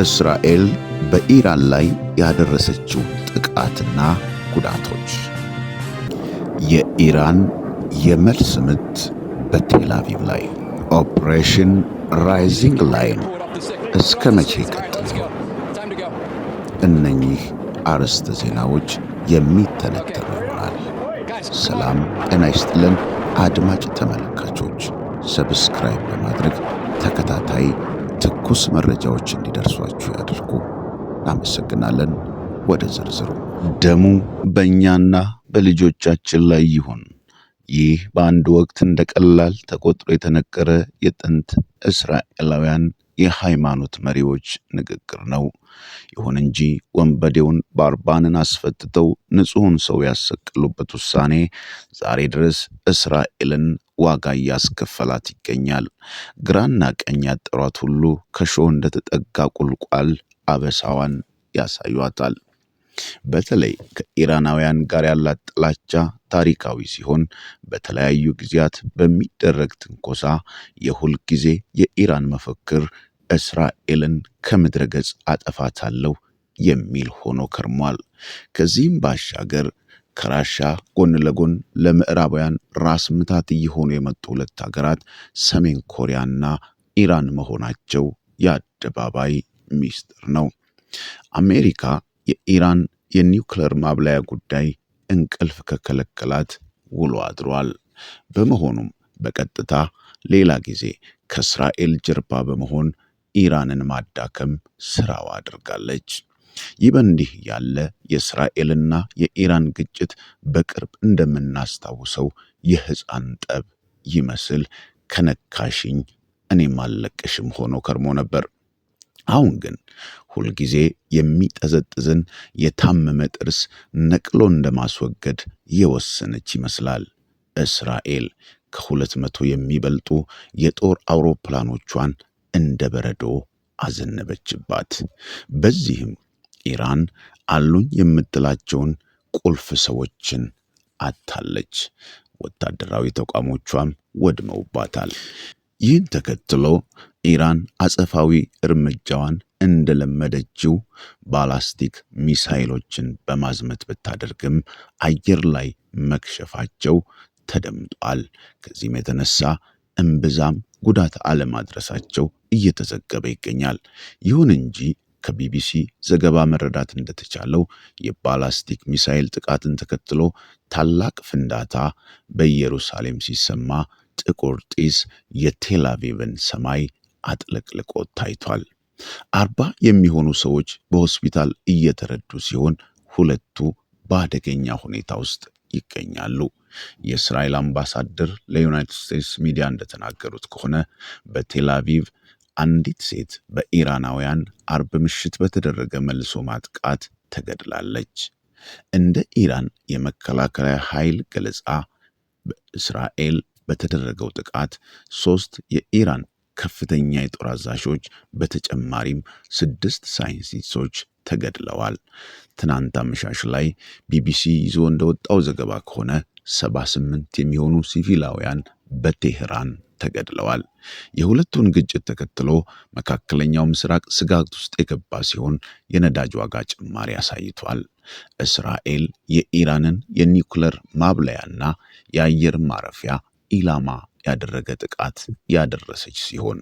እስራኤል በኢራን ላይ ያደረሰችው ጥቃትና ጉዳቶች የኢራን የመልስ ምት በቴላቪቭ ላይ ኦፕሬሽን ራይዚንግ ላይን እስከ መቼ ይቀጥል? እነኚህ አርዕስተ ዜናዎች የሚተነተኑ ይሆናል። ሰላም ጤና ይስጥልን አድማጭ ተመልካቾች፣ ሰብስክራይብ በማድረግ ተከታታይ ትኩስ መረጃዎች እንዲደርሷችሁ ያድርጉ። እናመሰግናለን። ወደ ዝርዝሩ። ደሙ በእኛና በልጆቻችን ላይ ይሁን። ይህ በአንድ ወቅት እንደ ቀላል ተቆጥሮ የተነገረ የጥንት እስራኤላውያን የሃይማኖት መሪዎች ንግግር ነው። ይሁን እንጂ ወንበዴውን ባርባንን አስፈትተው ንጹሕን ሰው ያሰቀሉበት ውሳኔ ዛሬ ድረስ እስራኤልን ዋጋ እያስከፈላት ይገኛል። ግራና ቀኝ ያጠሯት ሁሉ ከእሾህ እንደተጠጋ ቁልቋል አበሳዋን ያሳዩታል። በተለይ ከኢራናውያን ጋር ያላት ጥላቻ ታሪካዊ ሲሆን በተለያዩ ጊዜያት በሚደረግ ትንኮሳ የሁል ጊዜ የኢራን መፈክር እስራኤልን ከምድረ ገጽ አጠፋታለሁ የሚል ሆኖ ከርሟል። ከዚህም ባሻገር ከራሻ ጎን ለጎን ለምዕራባውያን ራስ ምታት እየሆኑ የመጡ ሁለት ሀገራት ሰሜን ኮሪያና ኢራን መሆናቸው የአደባባይ ሚስጥር ነው። አሜሪካ የኢራን የኒውክለር ማብላያ ጉዳይ እንቅልፍ ከከለከላት ውሎ አድሯል። በመሆኑም በቀጥታ ሌላ ጊዜ ከእስራኤል ጀርባ በመሆን ኢራንን ማዳከም ስራዋ አድርጋለች። ይህ በእንዲህ ያለ የእስራኤልና የኢራን ግጭት በቅርብ እንደምናስታውሰው የሕፃን ጠብ ይመስል ከነካሽኝ እኔም አልለቅሽም ሆኖ ከርሞ ነበር። አሁን ግን ሁልጊዜ የሚጠዘጥዝን የታመመ ጥርስ ነቅሎ እንደማስወገድ የወሰነች ይመስላል። እስራኤል ከሁለት መቶ የሚበልጡ የጦር አውሮፕላኖቿን እንደ በረዶ አዘነበችባት። በዚህም ኢራን አሉኝ የምትላቸውን ቁልፍ ሰዎችን አታለች። ወታደራዊ ተቋሞቿም ወድመውባታል። ይህን ተከትሎ ኢራን አጸፋዊ እርምጃዋን እንደለመደችው ባላስቲክ ሚሳይሎችን በማዝመት ብታደርግም አየር ላይ መክሸፋቸው ተደምጧል። ከዚህም የተነሳ እምብዛም ጉዳት አለማድረሳቸው እየተዘገበ ይገኛል። ይሁን እንጂ ከቢቢሲ ዘገባ መረዳት እንደተቻለው የባላስቲክ ሚሳይል ጥቃትን ተከትሎ ታላቅ ፍንዳታ በኢየሩሳሌም ሲሰማ ጥቁር ጢስ የቴል ሰማይ አጥለቅልቆ ታይቷል። አርባ የሚሆኑ ሰዎች በሆስፒታል እየተረዱ ሲሆን ሁለቱ በአደገኛ ሁኔታ ውስጥ ይገኛሉ። የእስራኤል አምባሳደር ለዩናይትድ ስቴትስ ሚዲያ እንደተናገሩት ከሆነ በቴላቪቭ አንዲት ሴት በኢራናውያን አርብ ምሽት በተደረገ መልሶ ማጥቃት ተገድላለች። እንደ ኢራን የመከላከያ ኃይል ገለጻ በእስራኤል በተደረገው ጥቃት ሦስት የኢራን ከፍተኛ የጦር አዛዦች በተጨማሪም ስድስት ሳይንቲስቶች ተገድለዋል። ትናንት አመሻሽ ላይ ቢቢሲ ይዞ እንደወጣው ዘገባ ከሆነ 78 የሚሆኑ ሲቪላውያን በቴህራን ተገድለዋል። የሁለቱን ግጭት ተከትሎ መካከለኛው ምስራቅ ስጋት ውስጥ የገባ ሲሆን የነዳጅ ዋጋ ጭማሪ አሳይቷል። እስራኤል የኢራንን የኒውክለር ማብለያና የአየር ማረፊያ ኢላማ ያደረገ ጥቃት ያደረሰች ሲሆን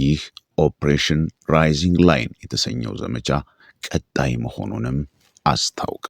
ይህ ኦፕሬሽን ራይዚንግ ላይን የተሰኘው ዘመቻ ቀጣይ መሆኑንም አስታውቅ